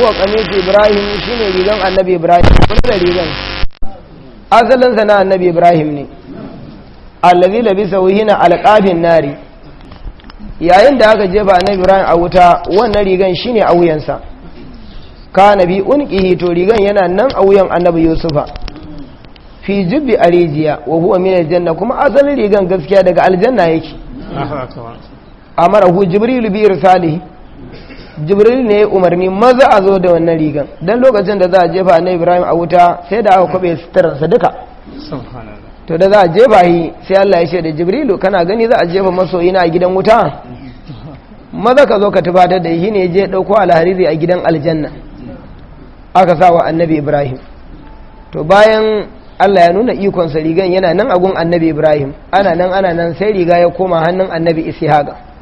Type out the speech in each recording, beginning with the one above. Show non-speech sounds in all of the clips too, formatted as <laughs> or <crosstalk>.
huwa kamis ibrahim shine rigan annabi ibrahim kun da rigan asalin sa na annabi ibrahim ne allazi labisa na alkafin nari yayin da aka jefa annabi ibrahim a wuta wannan rigan shine a wuyansa ka nabi unqihi to rigan yana nan a wuyan annabi yusufa fi jubbi arijiya wa huwa min aljanna kuma asalin rigan gaskiya daga aljanna yake a hu jibril bi irsalihi jibril ne ya umarni maza a zo da wannan rigan don lokacin da za a jefa na ibrahim a wuta sai da aka kwabe suturarsa duka to da za a jefa yi sai allah ya ce da jibrilu kana gani za a jefa yi na gidan wuta maza ka zo ka tubatar da shi ne je ɗauko alhariri a gidan aljanna aka sa wa annabi ibrahim to bayan allah ya nuna ikonsa rigan yana nan agun annabi ibrahim ana nan ana nan sai riga ya koma hannun annabi ishaga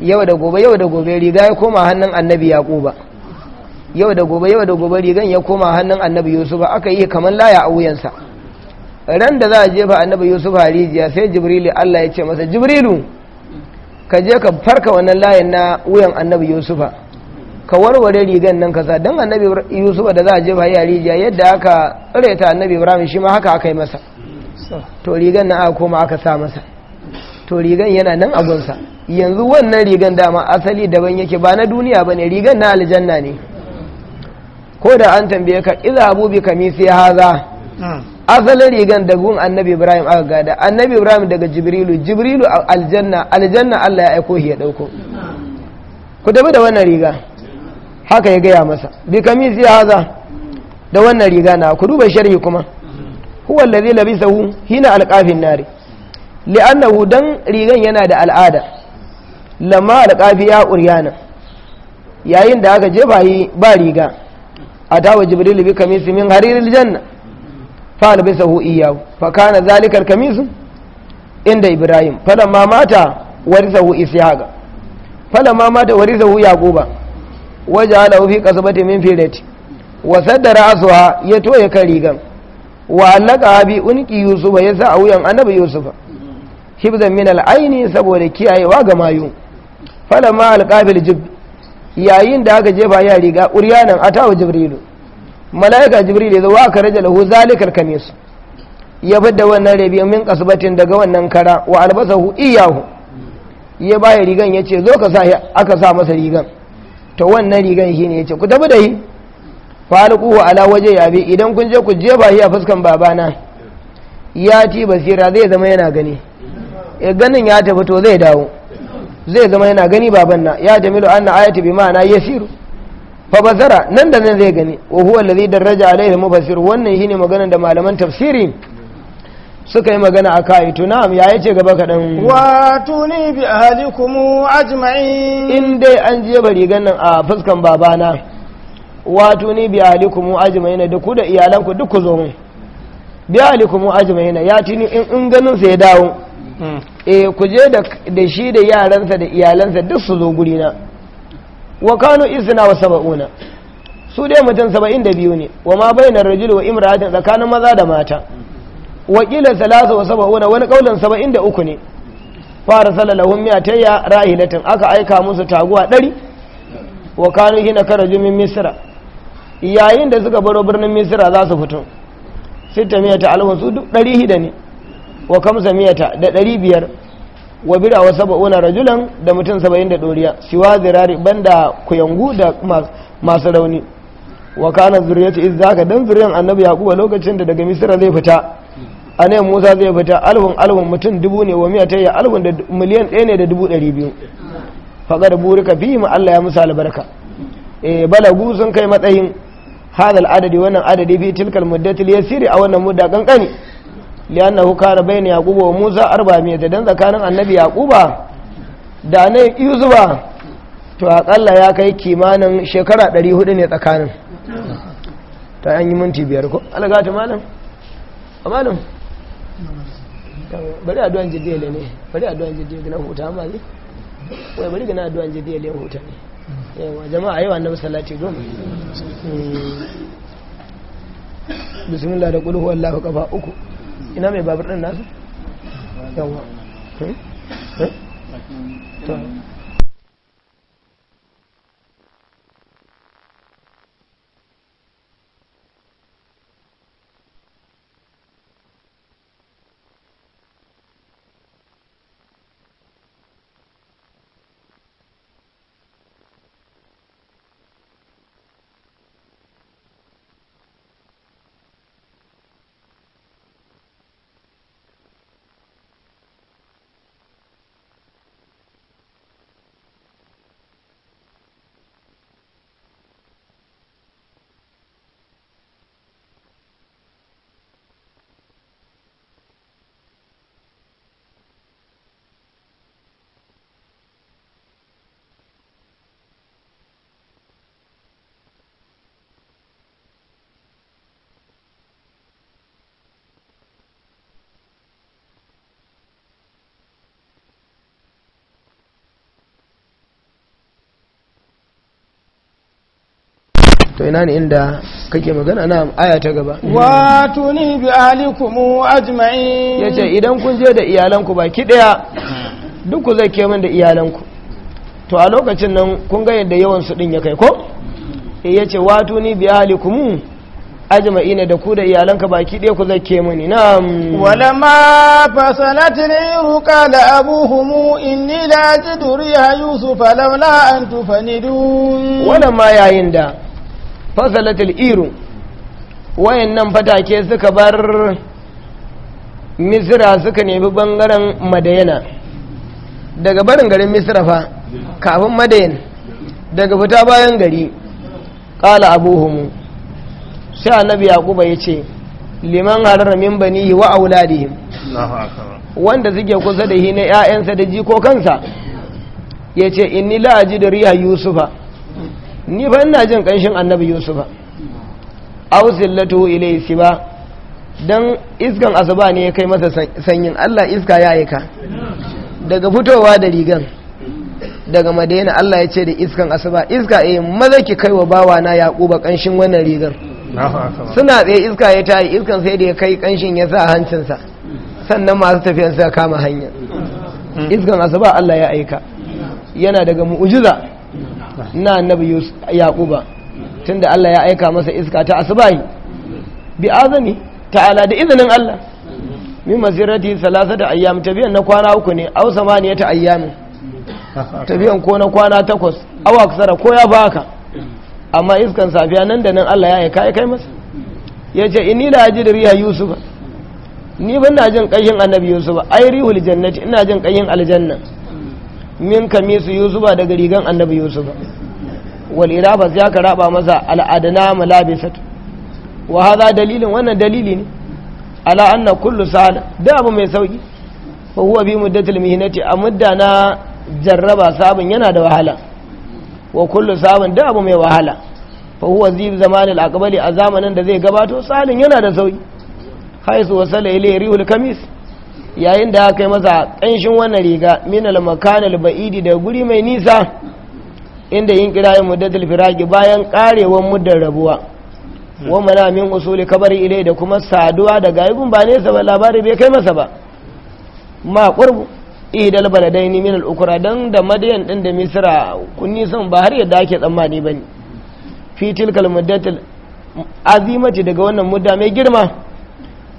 yau da gobe yau da gobe riga ya koma hannun annabi yaquba yau da gobe yau da gobe rigan ya koma hannun annabi Yusufa aka yi kamar laya a wuyansa ran da za a jefa annabi yusuf rijiya sai jibrilu allah ya ce masa jibrilu ka je ka farka wannan layin na wuyan annabi yusufa ka warware rigan nan kasa don annabi yusufa da za a jefa rijiya yadda aka tsare ta annabi ibrahim shi ma haka aka yi masa to rigan nan aka koma aka sa masa to rigan yana nan a yanzu wannan rigan dama asali daban yake ba na duniya ba ne rigan na aljanna ne ko da an tambaye ka iza abu bi kamisi haza hmm. asalin rigan da gun annabi ibrahim aka gada annabi ibrahim daga jibrilu jibrilu aljanna aljanna allah ya aiko ya dauko ku tafi da wannan riga haka ya gaya masa bi kamisi haza da wannan riga na ku duba sharhi kuma huwa allazi labisahu hina alqafin nari li'annahu dan rigan yana da al'ada lamma alqafiya uryana yayin da aka je bayi ba riga a adawa jibril bi kamisi min hariril janna fa albisahu iyyahu fa kana zalikal kamisu inda ibrahim falamma mata warisahu ishaqa falamma mata warisahu yaquba waja'alahu fi qasabati min firati wa saddara aswa ya toye kan rigan wa allaka bi unki yusufa yasa a wuyan annabi yusufa hibzan min al'aini saboda kiyayewa ga mayu falamma alqabil jib yayin da aka jefa ya riga uryanan atawa jibrilu malaika jibril ya zo wa ka raja lahu zalikal kamis ya bada wannan rabi min kasbatin daga wannan kara wa albasahu iyahu ya baya rigan yace zo ka sa aka sa masa rigan to wannan rigan shine yace ku tafi da yi. falquhu ala waje ya bi idan kun je ku jefa a fuskan babana ya ti basira zai zama yana gani ya eh, ganin ya tafi to zai dawo zai zama yana gani baban na ya jamilu anna ayati bi ma'ana yasiru fa bazara nan da nan zai gani wa huwa alladhi daraja alayhi mufassir wannan shine maganar da malaman tafsiri suka yi magana a kai to na'am ya yace gaba kaɗan wa tuni bi ahlikum ajma'in in dai an je bari ganin a fuskan babana wa tuni bi ahlikum ajma'in da ku da iyalanku duk ku zo mu bi ahlikum ajma'in ya tuni in ganin sai ya dawo Mm. eh ku je da shi da yaransa da iyalansa duk su zo guri na wa kanu isna wa saba'una su dai mutum saba'in da biyu ne wa ma bainar rajul wa imra'atin tsakanin maza da mata wa kila salasa wa saba'una wani kaulan saba'in da uku ne fara salalahun miyatayya rahilatin aka aika musu taguwa ɗari wa kanu hina karaju min misra yayin da suka baro birnin misra za su fito sita miyata ta su duk ɗari hida ne wa kamsa miyata da ɗari biyar wa bira wa saba'una rajulan da mutum saba'in da ɗoriya siwa zirari banda kuyangu da masu rauni wa kana zuriyatu iz ka dan zuriyan annabi yaquba lokacin da daga misira zai fita anan musa zai fita alhun alhun mutum dubu ne wa miyata ya alhun da miliyan ɗaya ne da dubu ɗari biyu fagar burika fi ma allah ya musa albarka e balagu sun kai matsayin hadal adadi wannan adadi fi tilkal muddatil yasiri a wannan mudda kankani liyanna hukara bai bayna yaƙubu wa musa arba mai dan tsakanin annabi yaƙuba da na yi zuba to aƙalla ya kai kimanin shekara 400 ne tsakanin ta an yi minti biyar ko alaga ta malam malam bari a duwan jidiyar ne bari a duwan jidiyar gina hutu amma ne wai bari gina duwan jidiyar ne hutu ne yawa jama'a yawa annabi salati goma bismillah da kulhu wallahu kafa uku ina mai babur din nasu to ina ne inda kake magana na aya ta gaba wa ni bi alikum ajma'in yace idan kun je da iyalanku baki daya duk ku zai kemin da iyalanku to a lokacin nan kun ga yadda yawan su din ya kai ko eh, yace wa ni bi alikum ajma'ina da ku da iyalanka baki ɗaya ku zai zake mani na'am walama fasalatin ruka da abuhum inni la yusuf yusufa laula an wala ma yayin da fasalatul iru wayannan fatake suka bar misira suka nemi bangaren madayana daga barin garin misira fa kafin madayan daga fita bayan gari kala abuhumu sai annabi yaquba ya liman harara min bani wa auladihim wanda suke kusa da hi na 'ya'yansa da jikokansa ya ce inni la da riha yusufa ni ba ina jin kanshin annabi yusufa aw zillatuhu ilayhi ba dan iskan asuba ne ya kai masa sanyin Allah iska ya aika daga fitowa da rigan daga madaina Allah ya ce da iskan asuba iska eh maza ki kai wa bawa na yaquba kanshin wannan rigan suna tsaye iska ya tayi iskan sai da ya kai kanshin ya sa hancinsa sannan masu tafiyan sa kama hanya iskan asuba Allah ya aika yana daga mu'ujiza na annabi yaquba tunda Allah ya aika masa iska ta asbahi bi azami ta'ala da izinin Allah min mazirati salasata ayyam tabiyan na kwana uku ne aw samaniyata ayyam tabiyan ko na kwana takwas awa aksara ko ya baka amma iskan safiya nan da nan Allah ya aika kai masa yace inni la da riya yusufa ni ban na jin kayin annabi yusufa ai rihul jannati ina jin kayin aljanna min kamisu yusufa daga rigan annabi yusufa wal ba ya ka raba masa al'adana malabisat wa haza dalilin wannan dalili ne ala anna kullu sahal da abu mai sauki fa huwa bi muddatil mihnati a mudda na jarraba sabon yana da wahala wa kullu sabon da abu mai wahala fa huwa zib zamanil aqbali a zamanin da zai gabato salin yana da sauki haisu wasala ilayhi rihul kamis yayin da aka yi masa ƙanshin wannan riga minal makanal ba'idi da guri mai nisa inda yin kira yin muddatul firaki bayan karewar muddar rabuwa hmm. wa mana min usuli kabar ilai da kuma saduwa da aibun ba nesa ba labari bai kai masa ba ma qurbu ihdal baladaini min al-ukra dan da madiyan din da misra kun nisan ba har yadda ake tsammani bane fi tilkal muddatul azimati daga wannan mudda mai girma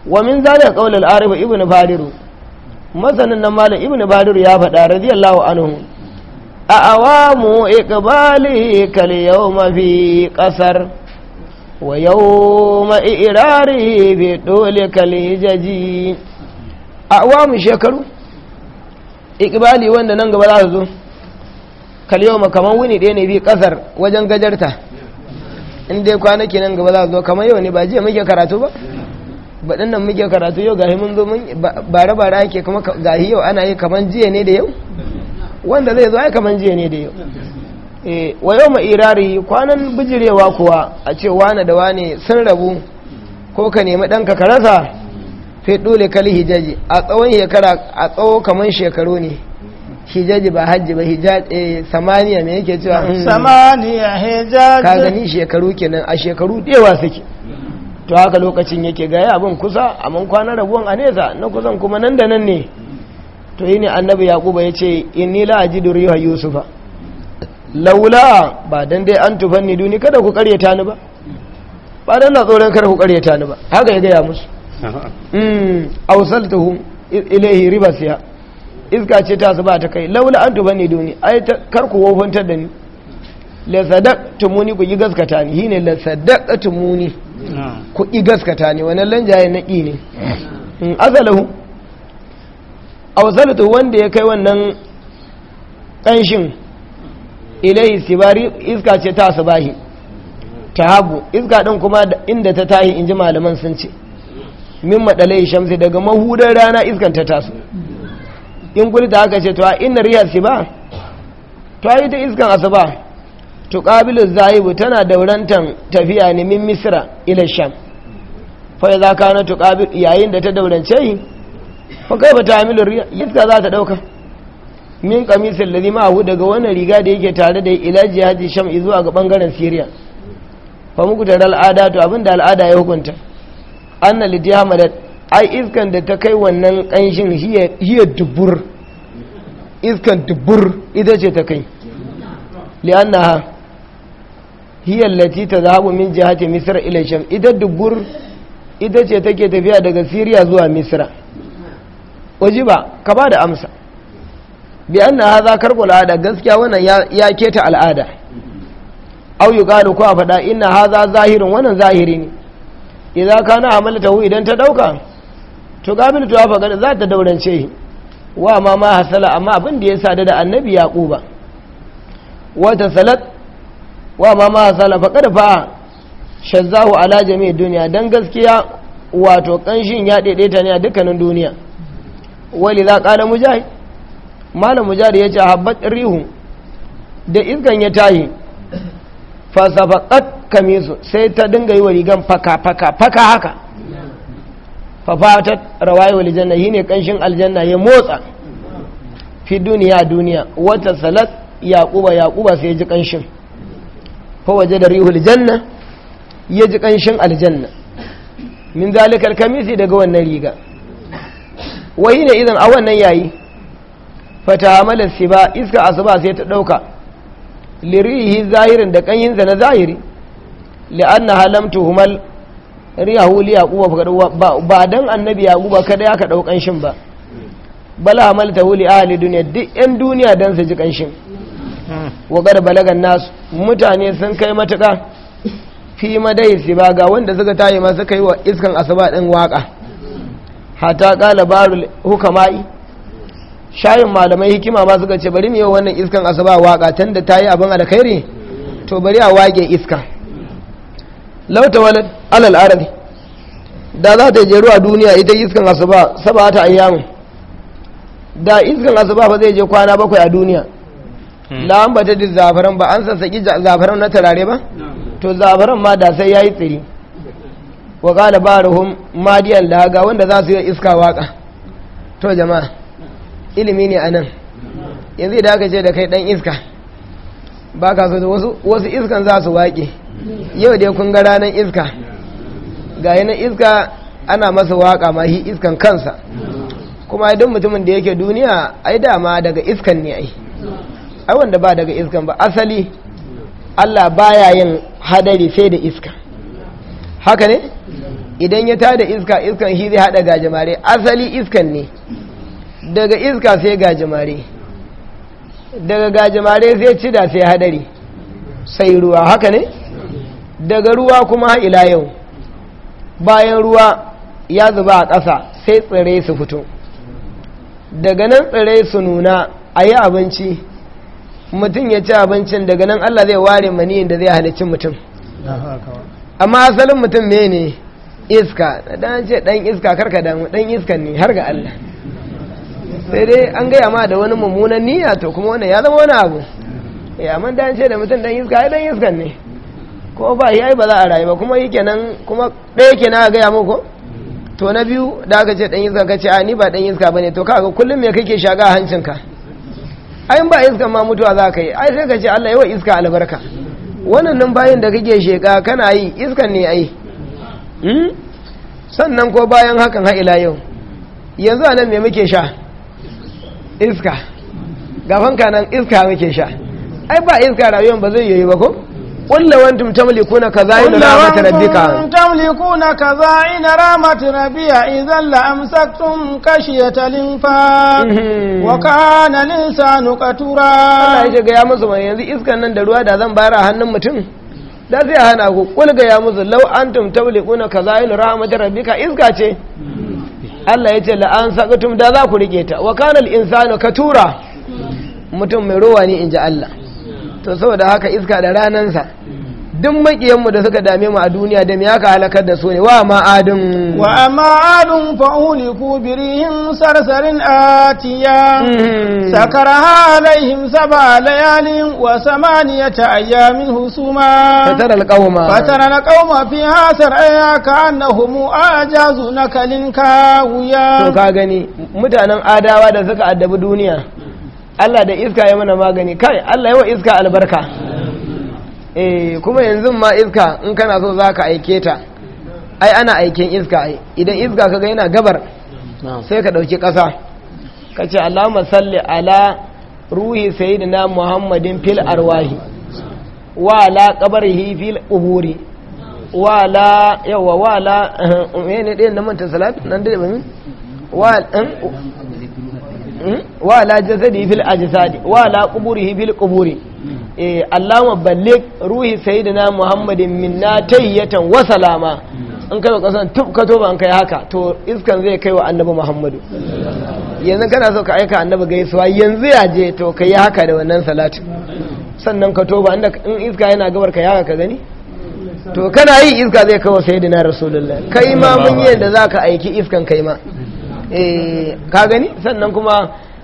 wa min zalika qawl al-arif ibn fadiru masanin nan malam ibnu badir ya faɗa radiyallahu anhu a awamu iqbali kal yawma fi qasar wa yawma irari bi dole kal hijaji awamu shekaru iqbali wanda nan gaba za su zo kal yawma kaman wuni ɗaya ne bi qasar wajen gajarta in dai kwanaki nan gaba za su zo kaman yau ne ba jiya muke karatu ba baɗin nan muke karatu yau gahi mun zo mun bare-bare ake kuma gahi yau ana yi kaman jiya ne da yau wanda zai zo ai kaman jiya ne da yau eh, wa yau ma'irari kwanan bijirewa kuwa a ce wane da wane sun rabu ko ka nemi dan ka rasa fi dole kali hijaji a tsawon shekara a tsawo kaman shekaru ne hijaji ba hajji ba hijaji eh, samaniya me yake cewa hmm. samaniya hijaji ka gani shekaru kenan a shekaru dewa suke to haka lokacin yake ga ya abin kusa amma kwana rabuwan a nesa na kusan kuma nan da nan ne to yi ne annabi yaquba ya ce in inni la ajidu riha yusufa laula ba don dai an tufan ni duni kada ku karyata ni ba ba don na tsoron kada ku karyata ni ba haka ya gaya musu ta hmm, hun awsaltuhum ilayhi ribasiya iska ce ta su ba ta kai laula an tufan ni duni ai kar ku wofantar da ni lasadak tumuni ku yi gaskata ni shine lasadak tumuni Hmm. kuɗi gaskata ne wani lanjaye na ƙi ne hmm, azalahu wasalatu wanda ya kai wannan ƙanshin ilai sibari iska ce ta bahi ta hagu iska ɗin kuma inda ta tahi in ji malaman sun ce min maɗalai shamsi daga mahudar rana iskan ta taso in kuli ta haka ce to a inna riyar ta yi ta iskan ba tuqabilu zaibu tana daurantan tafiya ne min misra ila sham fa idza kana yayin da ta daurance yi fa kaifa ta'milu riya yadda za ta dauka min qamisil ladhi ma'ahu daga wannan riga da yake tare da ila jihadi sham zuwa ga bangaren syria fa muku da al'ada to abinda al'ada ya hukunta anna lidiyamadat ai iskan da ta kai wannan kanshin hiya dubur iskan dubur ita ce ta kai li'annaha hiya allati tadhhabu min jihati misr ila sham ita dubur ita ce take tafiya daga siriya zuwa misra wajiba ka ba da amsa bi anna hadha karbu al'ada gaskiya wannan ya keta al'ada au yuqalu ko a faɗa inna hadha zahirin wannan zahiri ne idza amala amalatahu idan ta ɗauka to gabil to fa gani za ta daurance wa mama ma hasala amma abin da ya sada da annabi yaquba wata salat wa ma ma sala fa kada fa shazzahu ala duniya dan gaskiya wato kanshin ya daidaita ne a dukkanin duniya wali za qala mujahid malam mujahid ya ce habbat rihu da iskan ya tahi fa safaqat kamisu sai ta dinga yi wa rigan faka faka faka haka fa fatat rawai wal janna kanshin aljanna ya motsa fi duniya duniya wata salat yaquba yaquba sai ya ji kanshin fawaje da rihul janna ya ji ƙanshin aljanna min zalikar kamisi daga wannan riga wai ne idan a wannan yayi fata amalar ba iska asuba sai ta ɗauka lirihi zahirin da ƙanyinsa na zahiri li'anna halamtu humal riyahu li yaquba ba dan annabi yaquba kada ya ka ɗau ƙanshin ba bala hamaltahu li ahli duniya duk yan duniya dan su ji ƙanshin wa gar balagan nasu mutane sun kai matuka fi madai si ba ga wanda suka tayi ma suka yi wa iskan asuba din waka hata kala barul hukamai shayin malamai hikima ba suka ce bari mu yi wannan iskan asuba waka tunda tayi abin alkhairi to bari a wage iska lauta walad alal arabi da za ta jeru a duniya ita iskan asuba saba ta ayyamu da iskan asuba ba zai je kwana bakwai a duniya Hmm. la an bata da zafaran ba an sassaki zafaran na tarare ba to zafaran ma da sai ya yi tsiri wa ba ruhun madiyan da haga wanda za su yi iska waka to jama'a ilimi ne anan yanzu idan aka ce da kai ɗan iska ba ka so wasu iskan za su waƙe yau dai kun ga ranar iska ga yanar iska ana masa waka ma shi iskan kansa kuma idan mutumin da yake duniya ai dama daga iskan ne ai ai wanda ba daga iskan ba asali Allah baya yin hadari sai da iska haka ne idan ya tada iska iskan shi zai hada gajimare asali iskan ne daga iska sai gajimare daga gajimare sai cida sai hadari sai ruwa haka ne daga ruwa kuma ila yau bayan ruwa ya zuba a ƙasa sai tsirrai su fito daga nan tsirrai su nuna a yi abinci mutum ya ci abincin daga nan Allah zai ware maniyin da zai halicci mutum amma asalin mutum me ne iska dan ce dan iska karka damu dan iska ne har ga Allah sai dai an gaya ma da wani mummunan niyya to kuma wannan ya zama wani abu ya eh, man dan ce da mutum dan iska ai dan iska ne ko ba yayi ba za a rayu ba kuma nan kuma ɗaya ke a gaya muku to na biyu da aka ce dan iska kace a ni ba dan iska bane to kaga kullum me kake shaga a hancinka ayin ba iska ma mutuwa za ka yi ai sai ka ce Allah yawa iska albarka wannan nan bayan da kake sheka kana yi iskan ne ai hmm? sannan ko bayan hakan ha ila yau yanzu anan nan me muke sha iska gafanka nan iska muke sha ai ba iska rayuwar ba zai yi ba ko قل لو أنتم تملكون كذائن رحمة ربك قل تملكون كذائن رحمة ربي إذا لأمسكتم كشية الإنفاق وكان الإنسان كتورا Allah ya ga ya musu mai yanzu iskan nan da ruwa da zan bayar a hannun mutum da zai hana ku kul ga ya musu law antum tawliquna kazail rahmat rabbika iska ce Allah ya ce la an da za ku rike ta wa kana mutum mai ruwa ne inji Allah to saboda haka iska da ranansa duk makiyanmu da suka dame mu a duniya da ya ka halakar da su ne wa ma'adun. wa ma'adun fa uliku birihim sarsarin atiya hmm. sakara alaihim saba layalin wa samaniyata ayyamin husuma fatara alqauma fatara alqauma fi hasar aya ka annahum ajazu nakalin kawiya to ka gani mutanen adawa da suka addabi duniya Allah da iska ya mana magani kai Allah yawa iska albarka eh kuma yanzu ma iska in kana so za ka aike ta ai ana aiken iska ai idan iska kaga yana gabar sai ka ɗauki ƙasa ka ce allahumma salli ala ruhi sayyidina muhammadin fil arwahi wa la qabrihi fil quburi wa la yawa wa la ne din nan manta salat nan dai ba wa eh, Hmm? wa ala jasadi fil ajsadi wa ala quburihi fil quburi hmm. eh allahumma balligh ruhi sayyidina muhammadin minna tayyatan wa salama an hmm. kai wa kasan tub ka toba an kai haka to iskan zai kai wa annabi muhammadu yanzu kana so ka aika annabi gaisuwa yanzu ya je to kai haka da wannan salatin. sannan ka toba inda in iska yana gabar ka yaka ka gani to kana yi iska zai kawo sayyidina rasulullah kai ma mun yi yadda zaka aiki iskan kai ma Eh, ka gani sannan kuma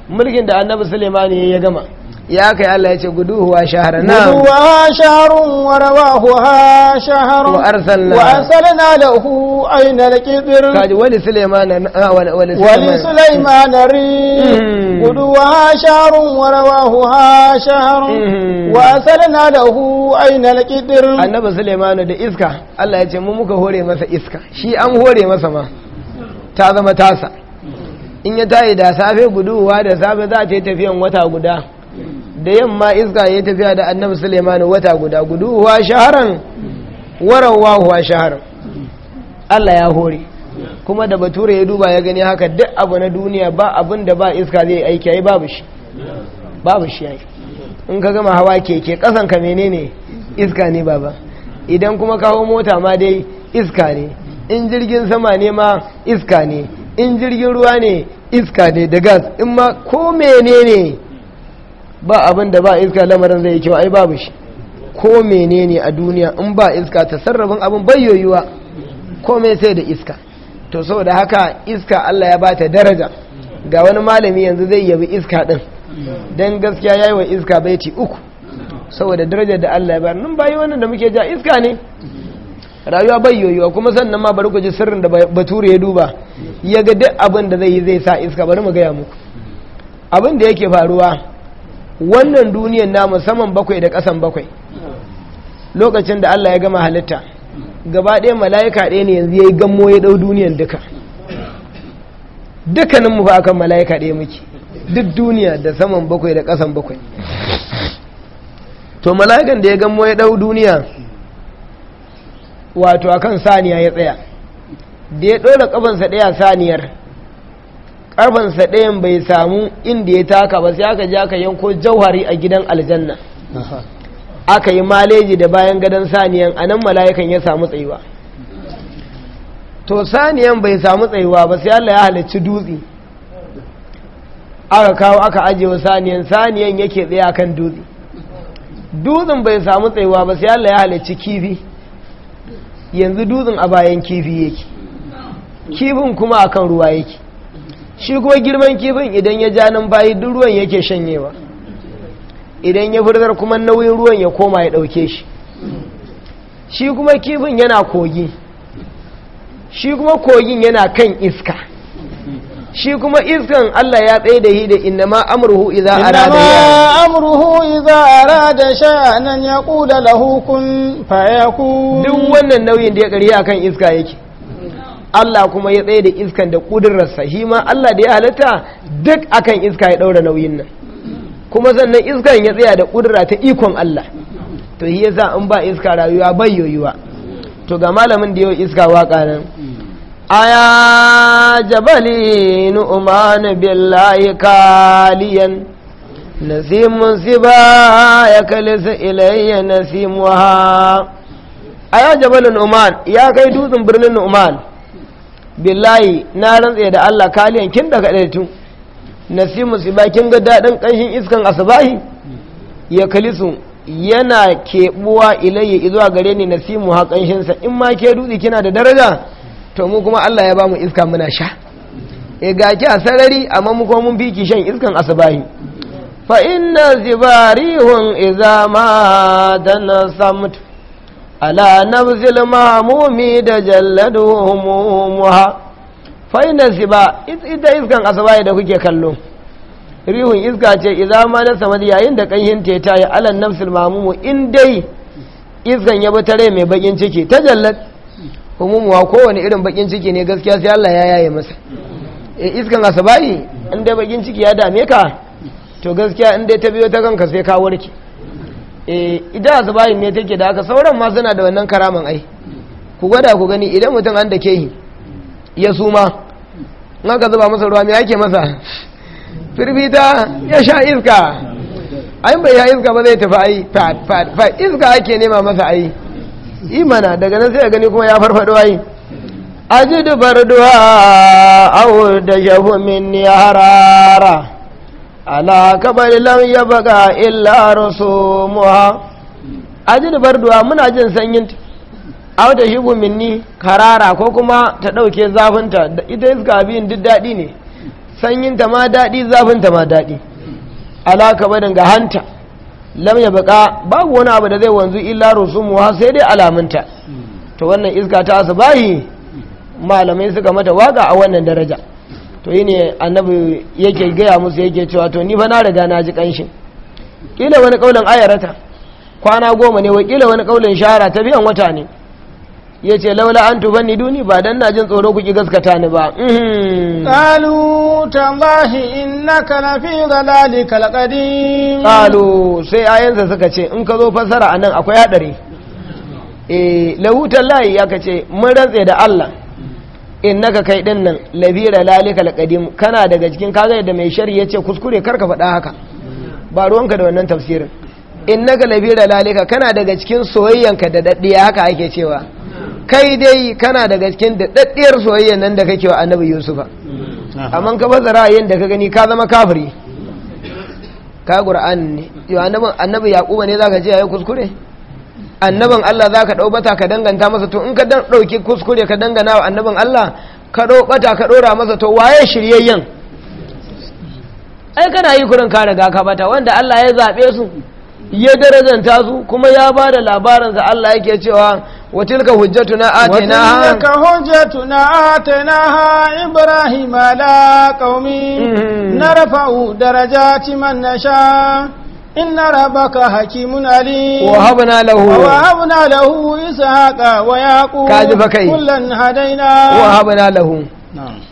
mulkin da annabi sulemani ya gama ya kai Allah ya ce huwa shahara na guduwa shaharun rawa ha shaharun wa arsalna wa arsalna lahu ayna laqidir kaji wali sulaiman ah, wali sulaiman ri Gudu guduwa shaharun rawa ha shaharun hmm. wa arsalna lahu ayna laqidir annabi sulaiman da iska Allah ya ce mu muka hore masa iska shi an hore masa ma ta zama tasa in ya tayi da safe guduwa da safe za ta yi tafiyan wata guda da yamma iska ya tafiya da annabi suleiman wata guda guduwa shaharan warawa huwa shaharan Allah ya hore kuma da bature ya duba ya gani haka duk abu na duniya ba abin da ba iska zai aiki ai babu shi babu shi ai in ka gama hawa keke kasan ka menene iska ne baba idan kuma kawo mota ma dai iska ne in jirgin sama ne ma iska ne in jirgin ruwa ne iska ne da gas in ma ko menene ba abin da ba iska lamarin zai yi kyau ai babu shi ko menene a duniya in ba iska ta sarrafin abin ko me sai da iska to da haka iska Allah ya bata daraja ga wani malami yanzu zai yabi iska din dan gaskiya yayi wa iska baiti uku saboda darajar da Allah ya bayar nun bayi wannan da muke ja iska ne rayuwa bayyoyiwa kuma sannan ma bari ku ji sirrin da bature ya duba ya ga duk abin da zai yi zai sa iska bari mu gaya muku abin da yake faruwa wannan duniyan na musamman bakwai da kasan bakwai lokacin da Allah ya gama halitta gaba ɗaya mala'ika ɗaya ne yanzu ya yi gammo ya ɗau duniyan duka dukkaninmu ba kan mala'ika ɗaya muke duk duniya da saman bakwai da ƙasan bakwai to mala'ikan da ya gammo ya ɗau duniya wato akan saniya ya tsaya da ya ɗora ƙafansa ɗaya saniyar ƙafansa ɗayan bai samu inda ya taka ba sai aka ji aka yanko jauhari a gidan aljanna aka yi maleji da bayan gadon saniyan a nan mala'ikan ya samu tsayuwa to saniyan bai samu tsayuwa ba sai allah ya halarci dutse aka kawo aka wa saniyan saniyan yake tsaye kan dutse dutsen bai samu tsayuwa ba sai allah ya halarci kifi yanzu dutsen a bayan kifi yake kifin kuma akan ruwa yake shi kuma girman kifin idan ya ja nan bayi duk ruwan yake shanyewa idan ya furtar kuma nauyin ruwan ya koma ya dauke shi shi kuma kifin yana kogi shi kuma kogin yana kan iska shi kuma iskan Allah ya tsaye da hida da innama amurhu iza arada innama da arada sha'anan ya lahu lahukun fayakun duk wannan nauyin da ya kariya akan iska yake Allah kuma ya tsaye da iskan da ƙudurarsa shi Allah da ya halitta duk akan iska ya ɗaura nauyin nan kuma sannan iskan ya tsaya da ƙudura ta ikon Allah to shi yasa in ba iska rayuwa bai yoyuwa to ga malamin da yau iska waka nan aya jabali nu'man billahi kaliyan nasimun siba ya kalisa ilayya nasimuha aya jabali nu'man ya kai dutsen birnin nu'man billahi na rantse da Allah kaliyan kin da tun nasimu siba kin ga dadin kanshin iskan asbahi ya kalisu yana kebuwa ilayya zuwa gare ni nasimu ha kanshin in ma ke dutse kina da daraja to mu kuma Allah ya ba mu iska muna sha e ga ki a sarari amma mu kuma mun fiki shan iskan asbahi fa inna zibarihun idza ma dana samtu على نبذ المهموم تجلده همومها فإن السباء إذا إذ كان أصبعي da kuke kallo rihun iska ce idan ma yayin da kanyin ta ta yi alan nafsul mamumu in dai iskan ya bata rai mai bakin ciki ta jallat humumuwa kowane irin bakin ciki ne gaskiya sai Allah ya yaye masa iskan asabai in dai bakin ciki ya dame ka to gaskiya in dai ta biyo ta kanka sai ka warke idan eh, ida zubayin ne take da haka sauran ma suna da wannan karaman ai ku gwada ku gani idan mutum an da ke ya suma in aka zuba masa ruwa me ake masa <laughs> firbita ya sha iska Ayin bai ya iska ba zai tafi ai fa iska ake nema masa ai imana daga nan sai ya gani kuma ya farfado ai ajidu barduwa au da jahu min harara ala kabar lam yabqa illa da bar barduwa muna jin sanyin aw da shi minni karara ko kuma ta ɗauke zafinta da ita iska biyun duk daɗi ne sanyinta ma daɗi, zafinta ma daɗi. ala kabar ga hanta lam baka babu wani abu da zai wanzu illa muha sai dai alamunta Ta wannan iska ta asbahi malamai suka mata waka a wannan daraja to yi ne annabi yake gaya musu yake cewa to ni ba na riga na ji kanshi. kila wani ƙaunin ayarata kwana goma ne ƙila wani ƙaunin shahara ta biyan wata ne ya ce laula an ni duni ba dan na jin tsoro kuki gaskata ni ba mm-hmm. qalu tallahi innaka fi galali qadim Kalu sai ayansa suka ce in ka zo fassara anan akwai haɗari. eh lahu tallahi ya kace mun rantse da Allah innaka kai din nan labira lalika alqadim kana daga cikin kaga yadda mai shari ce kuskure kar ka faɗa haka ba ruwanka da wannan tafsirin innaka labira lalika kana daga cikin soyayyanka da daddiya haka ake cewa kai dai kana daga cikin da daddiyar soyayyan nan da kake wa annabi yusufa amma ka zara ra'ayin da ka gani ka zama kafiri ka qur'ani yo annabi annabi yaquba ne zaka ce yayi kuskure annaban Allah za ka ɗaubata ka danganta masa to in ka ɗauki kuskure ka dangana wa annaban Allah ka ɗaubata ka ɗora masa to waye shiryayyen ai kana yi kurin ka riga ka bata wanda Allah ya zaɓe su ya darajanta su kuma ya ba da labarin labarinsa Allah yake cewa watilka hujjatu na وتلك حجتنا آتيناها إبراهيم على قومه نرفع darajati man nasha. إن ربك حكيم عليم وهبنا له وهبنا له إسحاق ويعقوب كلا هدينا وهبنا له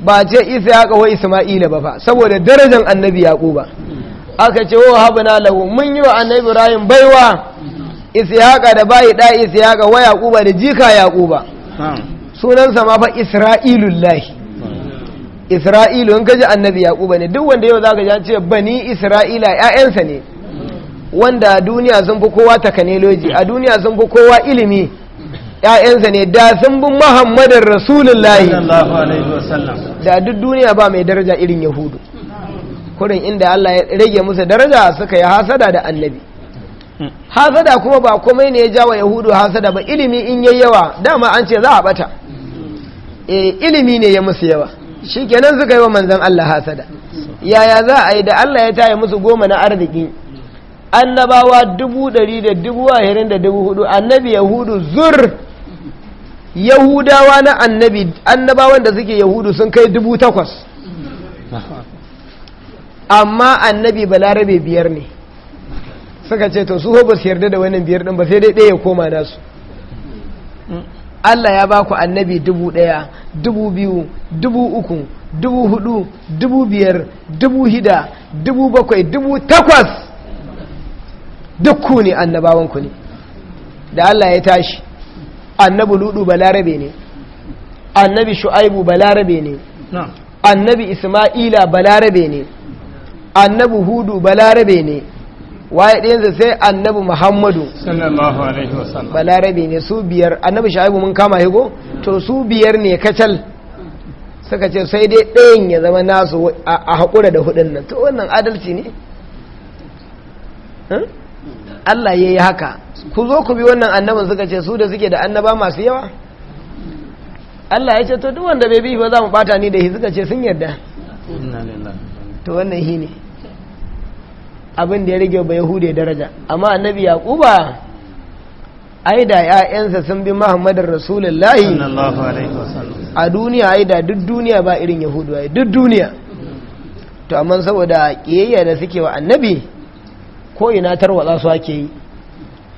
ba ce isa wa isma'ila ba fa saboda darajar annabi yaquba aka ce wa habna lahu mun yi wa annabi ibrahim baiwa ishaqa da bai da ishaqa wa yaquba da jika yaquba sunansa ma fa isra'ilullahi isra'ilu in kaji annabi yaquba ne duk wanda yau zaka ji an ce bani isra'ila ƴaƴansa ne wanda a duniya sun fi kowa takaneloji a duniya sun fi kowa ilimi ‘ya'yansa ne da sun bi muhammadin layi da duk duniya ba mai daraja irin yahudu kurin inda Allah ya rage musu daraja suka yi hasada da annabi hasada kuma ba komai ne ya jawa yahudu hasada ba ilimi in yi yawa dama an ce za a bata e eh, ilimi ne ya musu yawa Shi kenan suka yi wa manzan Allah hasada yaya za a yi da Allah ya taya musu goma na arziki annabawa dubu ɗari da dubu ahirin da dubu hudu annabi yahudu zur yahudawa na annabi annabawan da suke yahudu sun kai dubu takwas amma annabi balarabe biyar ne suka ce to su ba su yarda da wannan biyar ɗin ba sai dai ɗaya koma nasu Allah ya ba ku annabi dubu ɗaya dubu biyu dubu uku dubu hudu dubu biyar dubu hida dubu bakwai dubu takwas duk ku ne annabawanku ne da Allah ya tashi annabi ludu balarabe ne annabi shu'aibu balarabe ne annabi isma'ila balarabe ne annabi hudu balarabe ne waye ɗayansa sai annabi muhammadu sallallahu balarabe ne su biyar annabi shu'aibu mun kama higo to su biyar ne kacal suka ce sai dai ɗayan ya zama nasu a haƙura da hudun nan to wannan adalci ne Allah ya yi haka ku zo ku bi wannan annabin suka ce su da suke da annaba masu yawa Allah ya ce to duk wanda bai bi ba za mu bata ni da shi suka ce sun yarda to wannan shi ne abin da ya rage ba yahude daraja amma annabi yaquba ai da ƴaƴansa sun bi muhammadin rasulullahi a duniya ai da duk duniya ba irin yahudu ai duk duniya to amma saboda kiyayya da suke wa annabi ko ina tarwatsa su ake yi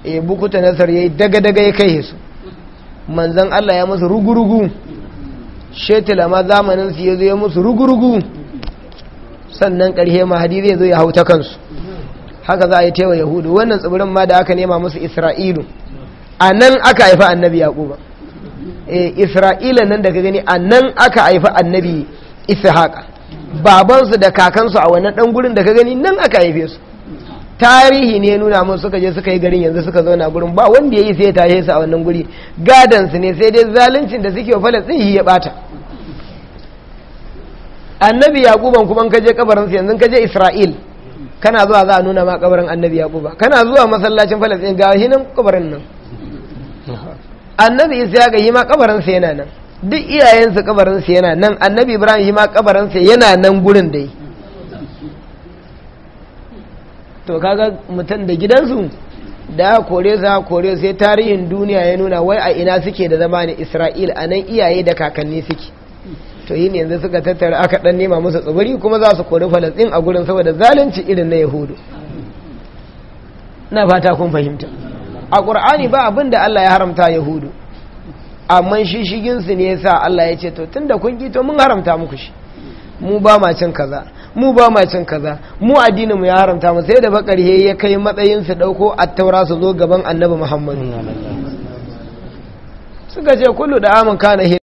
e bukuta nasar yayi daga daga ya kai su manzon Allah ya musu rugurugu shetila ma zamanin su yazo ya musu rugurugu sannan karhe ma hadisi yazo ya hauta kansu haka za a yi tewa yahudu wannan tsibirin ma da aka nema musu isra'ilu a nan aka haifa annabi yaquba e isra'ila nan da ka gani a nan aka haifa annabi ishaqa babansu da kakansu a wannan dan gurin da ka gani nan aka haife su tarihi ne nuna mun suka je suka yi garin yanzu suka zauna gurin ba wanda ya yi sai ya tashi sa a wannan guri gadansu ne sai dai zaluncin da suke falasɗin ya bata annabi yaquban kuma ka je kabarin su yanzu ka je isra'il kana zuwa za a nuna ma kabarin annabi yaquba kana zuwa masallacin falasɗin ga shi nan kabarin nan annabi isa ga yi ma kabarin sa yana nan duk iyayensa kabarin sa yana nan annabi ibrahim yi ma kabarin sa yana nan gurin dai to kaga mutum da gidansu da kore za kore sai tarihin duniya ya nuna wai a ina suke da zama ne isra'il a nan iyaye da kakanni suke to yi yanzu suka tattara aka dan nema musu tsibiri kuma za su kori falastin a gurin saboda zalunci irin na yahudu na fata kun fahimta a ƙur'ani ba abin da allah ya haramta yahudu amma shi shiginsu ne ya sa allah ya ce to tun da kun to mun haramta muku shi mu ba ma cin kaza mu ba ma cin kaza mu addinin mu ya haramta mu sai da he ya kai matsayin su dauko attaura su zo gaban annabi muhammad suka ce kullu da amin kana